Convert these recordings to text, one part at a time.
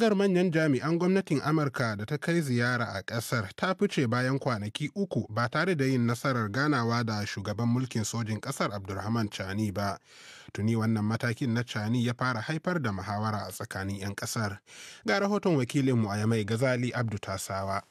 tawagar manyan jami'an gwamnatin Amurka da ta kai ziyara a ƙasar ta fice bayan kwanaki uku ba tare da yin nasarar ganawa da shugaban mulkin sojin ƙasar Abdulrahman Chani ba. Tuni wannan matakin na Chani ya fara haifar da muhawara a tsakanin 'yan ƙasar. Ga rahoton wakilinmu a Yamai Gazali Abdu Tasawa.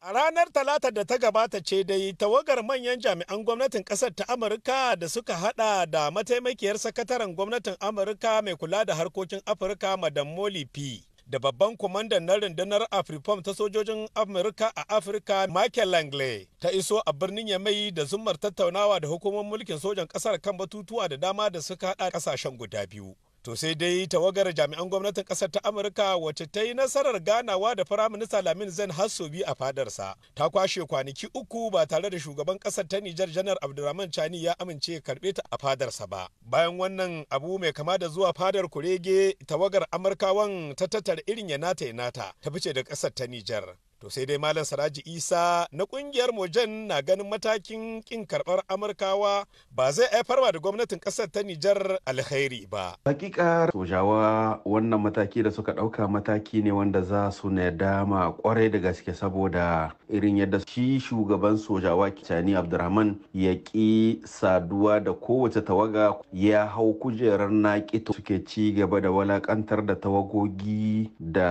A ranar Talata da ta gabata ce dai tawagar manyan jami'an gwamnatin kasar ta Amurka da suka hada da mataimakiyar sakataren gwamnatin Amurka mai kula da harkokin Afirka Madam Molly P. da babban kwamandan na rundunar afrifom ta sojojin amurka a afirka michael langley ta iso a birnin yamai da zumar tattaunawa da hukumar mulkin sojan kasar kan batutuwa da dama da suka hada kasashen guda biyu to sai dai tawagar jami'an gwamnatin kasar ta amurka wacce ta yi nasarar ganawa da firaminista lamin zan hassobi a fadarsa ta kwashe kwanaki uku ba tare da shugaban kasar ta nijar janar abdulrahman chani ya amince ya karbe ta a fadarsa ba bayan wannan abu mai kama da zuwa fadar kurege tawagar amurkawan ta tattara irin ya nata ya nata ta fice da kasar ta nijar to sai dai malam saraji isa na kungiyar mojan na ganin matakin kin karbar amurkawa ba zai haifarwa da gwamnatin kasar ta nijar alkhairi ba hakika sojawa wannan mataki da suka dauka mataki ne wanda za su na dama kwarai da gaske saboda irin yadda shi shugaban sojawa kitani abdurrahman ya ki saduwa da kowace tawaga ya hau kujerar naƙi suke ci gaba da walakantar da tawagogi da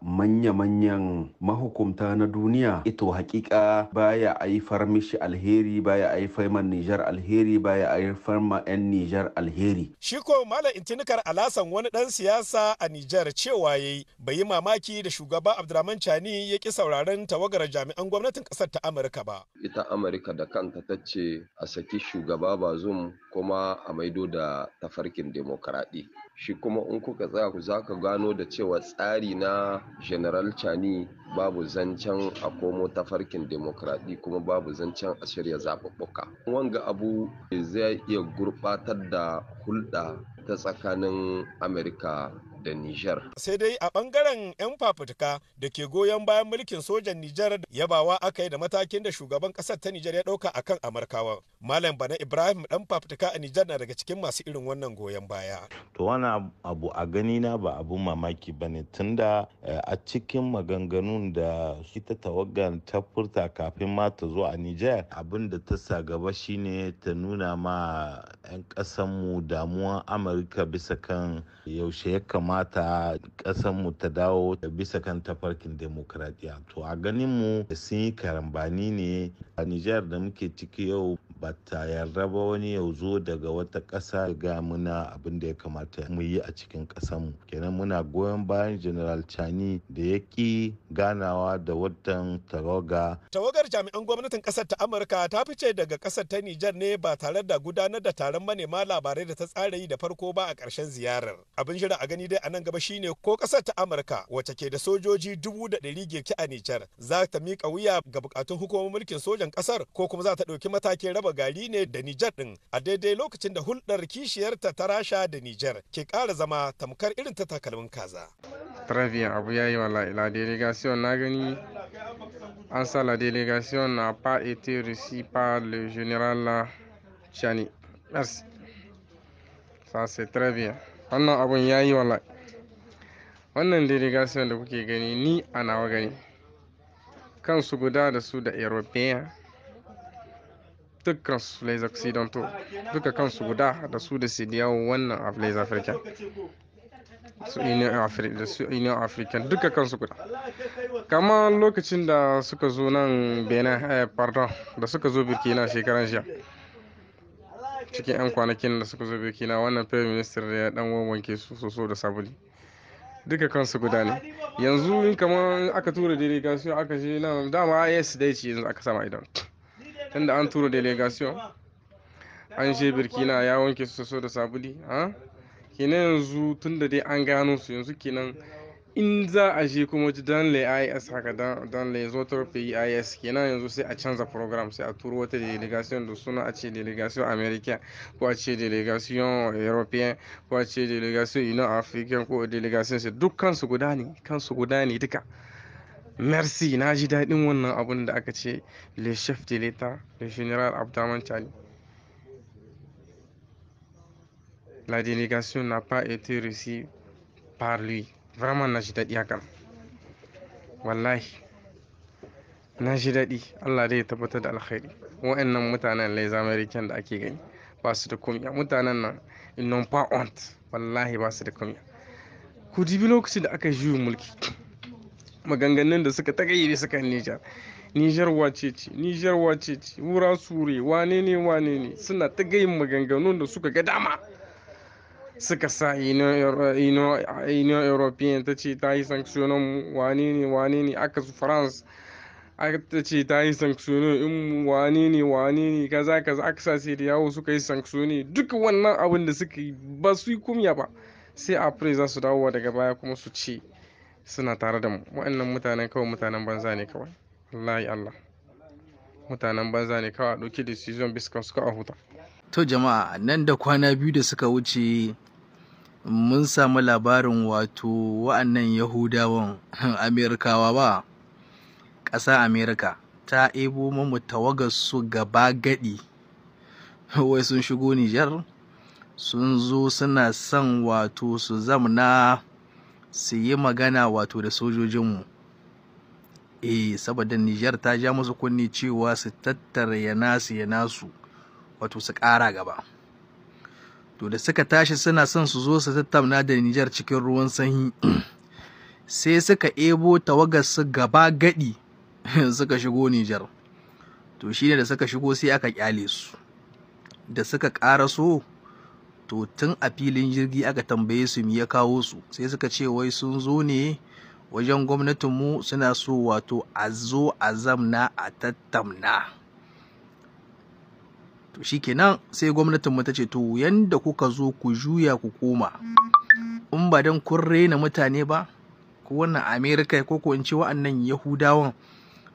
manya-manyan mahukum maharamta na duniya ito hakika baya aifar mishi alheri baya aifar man Nijar alheri baya aifar ma 'yan Nijar alheri. Shi ko Malam Intinikar Alasan wani dan siyasa a Nijar cewa yayi bai yi mamaki da shugaba Abdurrahman Chani ya ki sauraron tawagar jami'an gwamnatin kasar ta Amurka ba. Ita Amurka da kanta ta ce a saki shugaba Bazum kuma a maido da tafarkin demokaradiyya. shi kuma in kuka tsaya ku za ka gano da cewa tsari na general chani babu zancen a komo tafarkin demokradi kuma babu zancen a shirya zaɓuɓɓuka wanga abu zai iya gurɓatar da hulɗa ta tsakanin amurka da Nijar. Sai dai a ɓangaren 'yan fafutuka da ke goyon bayan mulkin sojan Nijar yabawa aka yi da matakin da shugaban ƙasar ta Nijar ya ɗauka akan Amurkawa. malam bana ibrahim dan fafutuka a nijar na daga cikin masu irin wannan goyon baya to wani abu a gani na ba abun mamaki ba ne tunda eh, a cikin maganganun da ta tawagan ta furta kafin ma ta zo a nijar abin da ta sa gaba shine ta nuna ma 'yan ƙasanmu damuwan amurka bisa kan yaushe ya kamata mu ta dawo da bisa kan tafarkin demokradiyya to a ganin mu sun yi karambani ne a nijar da muke ciki yau ba ta yarda ba wani ya zo daga wata ƙasa ga muna abin da ya kamata mu yi a cikin mu kenan muna goyon bayan general chani da ya ƙi ganawa da watan taroga tawagar jami'an gwamnatin ƙasar ta amurka ta fice daga ƙasar ta nijar ne ba tare da gudanar da taron manema labarai da ta tsara yi da farko ba a ƙarshen ziyarar abin jira a gani dai a nan gaba shine ko ƙasar ta amurka wacce ke da sojoji dubu da ɗari girki a nijar za ta miƙa wuya ga bukatun hukumar mulkin sojan ƙasar ko kuma za ta ɗauki matakin raba raba gari ne da Nijar ɗin a daidai lokacin da hulɗar kishiyarta ta Rasha da Nijar ke ƙara zama tamkar irin ta takalmin kaza. Travian abu ya yi wa la delegation na gani an sa la delegation na pa été reçue par le général Chani. Merci. Ça c'est très bien. Wannan abun wa wala. Wannan delegation da kuke gani ni a nawa gani. Kansu guda da su da European Dukkan su les occidentaux duka kansu guda da su da su diyawo wannan les african su union african duka kansu guda kama lokacin da suka zo nan benin eh, pardon da suka zo burkina shekaran jiya cikin 'yan kwanakin da suka zo burkina wannan prime minister ya dan wanke su soso da sabuli duka kansu guda ne yanzu in kamar aka tura gasu aka shi nan dama yes dai ce yanzu aka sama idan tunda an tura delegation an je birkina ya wanke su so da sabuli ha kenan yanzu tunda dai an gano su yanzu kenan in za a je kuma ji dan i.s haka dan lesotor pis kenan yanzu sai a canza program sai a turo wata delegation da suna a ce delegation america ko a ce delegation european ko a ce delegation ina african ko delegation sai duk su guda ne kansu guda ne duka merci na ji daɗin wannan abun da aka ce le chef de l'etat le general abdaman chani la délégation n'a pas été reçue par lui vraiment na ji daɗi hakan wallahi na ji daɗi allah dai ya tabbatar da alkhairi wa'annan mutanen les american da ake gani ba su da a mutanen nan ils n'ont pas honte wallahi ba su da komi ku dibi lokacin da aka juyin mulki maganganun da suka tagayyade su kan Nijar. Nijar wace ce, Nijar wace ce, wura sure, wane ne wane ne suna tagayin maganganun da suka ga dama. Suka sa ino European ta ce ta yi sanksiyonan wane ne wane ne aka su France ta ce ta yi sanksiyonan in wane ne wane ne kaza kaza aka sa sai da yawo suka yi sanksiyoni duk wannan abin da suka yi ba su yi kumya ba sai a za su dawowa daga baya kuma su ce suna tare da mu wa'annan mutanen kawai mutanen banza ne kawai wallahi Allah mutanen banza ne kawai a ɗauki zuwan biskan suka a huta to jama'a nan da kwana biyu da suka wuce mun samu labarin wato wa'annan yahudawan amerikawa ba ƙasa amerika ta ebo mamu su gaba gadi wai sun shigo nijar sun zo suna son wato su zamna su yi magana wato da sojojinmu eh saboda Nijar ta ja musu kunni cewa su tattara ya nasu ya nasu wato su ƙara gaba to da suka tashi suna son su zo su tattauna da Nijar cikin ruwan sanyi sai suka ebo tawagar su gaba gadi suka shigo Nijar to shine da suka shigo sai aka kyale su da suka ƙara so to tun a filin jirgi aka tambaye su me ya kawo su sai suka ce wai sun zo ne wajen gwamnatinmu suna so wato a zo a zamna a tattamna to kenan sai gwamnatinmu ta ce to yanda kuka zo ku juya ku koma in ba don kun rena mutane ba ko wannan amerika ko ko in wa'annan yahudawan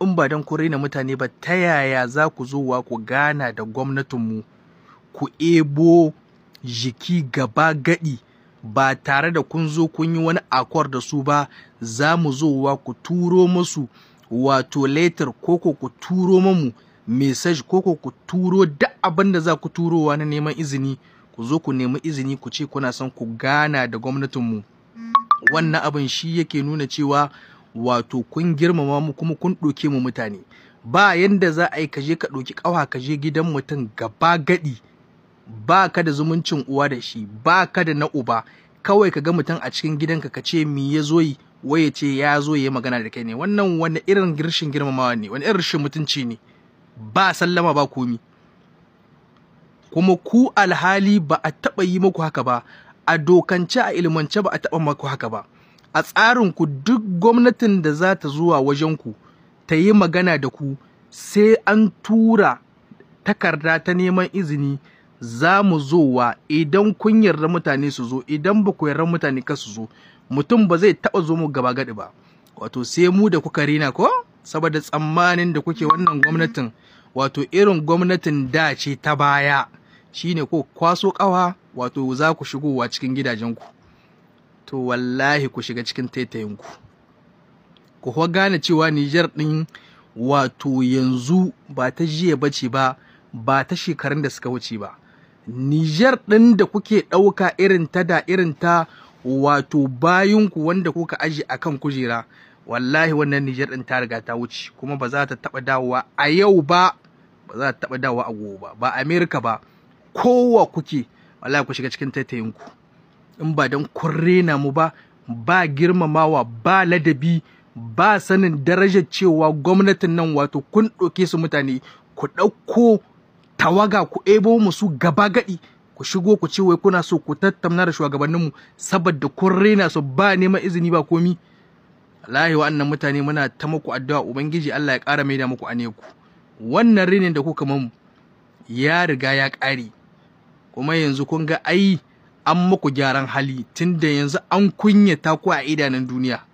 in ba don kun rena mutane ba ta yaya za ku zo wa ku gana da gwamnatinmu ku ebo jiki gaba gadi ba tare da kun zo kun yi wani akwar da su ba za mu zo wa ku turo musu wato letter koko ku turo mamu message koko ku turo duk abin da za ku turowa na neman izini ku zo ku nemi izini ku ce kuna son ku gana da gwamnatinmu wannan abin shi yake nuna cewa wato kun girmama mu kuma kun ɗauke mu mutane ba yanda za a yi kaje ka ɗauki ƙawa kaje gidan mutum gaba gaɗi ba ka da zumuncin uwa da shi ba ka da na uba kawai ka ga mutum a cikin gidanka ka ce mi ya zo yi wai ya ce ya zo ya magana da kai ne wannan wani irin girshin girmamawa ne wani irin rashin mutunci ne ba sallama ba komi kuma ku alhali ba a taɓa yi muku haka ba a dokance a ilmance ba a taɓa muku haka ba a tsarin ku duk gwamnatin da za ta zuwa wajen ku, ta yi magana da ku sai an tura takarda ta neman izini za mu wa idan kun yarda mutane su zo idan ba ku yarda mutane ka su zo mutum ba zai taɓa zo mu gaba gadi ba wato sai mu da kuka rina ko saboda tsammanin da kuke wannan gwamnatin wato irin gwamnatin da ce ta baya shine ko kwaso ƙawa wato za ku shigowa cikin gidajenku to wallahi ku shiga cikin taitayinku ku kuwa gane cewa Nijar ɗin wato yanzu ba ta jiya bace ba ba ta shekarun da suka wuce ba Nijar ɗin da kuke ɗauka irin ta da irin ta wato bayanku wanda kuka aji a kan kujera wallahi wannan Nijar ɗin ta riga ta wuce kuma ba za ta taɓa dawowa a yau ba ba za ta taɓa dawowa a gobe ba ba Amerika ba kowa kuke wallahi ku shiga cikin taitayinku in ba don kun rena mu ba ba girmamawa ba ladabi ba sanin darajar cewa gwamnatin nan wato kun ɗauke su mutane ku ɗauko tawaga ku ebo mu su gaba gadi ku shigo ku ce wai kuna so ku tattauna da shugabannin mu saboda kun rena su ba neman izini ba komi wallahi wa'annan mutane muna ta muku addu'a ubangiji Allah ya ƙara maida muku ane wannan rinin da kuka mamu ya riga ya ƙare kuma yanzu kun ga ai an muku gyaran hali tunda yanzu an kunyata ku a idanun duniya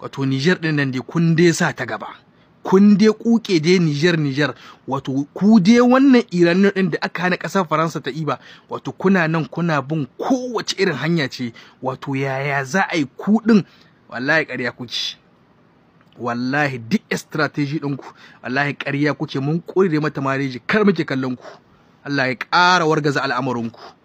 wato Niger din nan dai kun dai sa ta gaba kun dai kuke dai Niger Niger wato ku dai wannan Iranian din da aka hana ƙasar Faransa ta iba wato kuna nan kuna bin kowace irin hanya ce wato yaya za a yi ku din wallahi ƙarya kuke wallahi duk strategy ɗinku wallahi ƙarya kuke mun kore mata mareji kar muke kallon ku Allah ya ƙara wargaza al'amarinku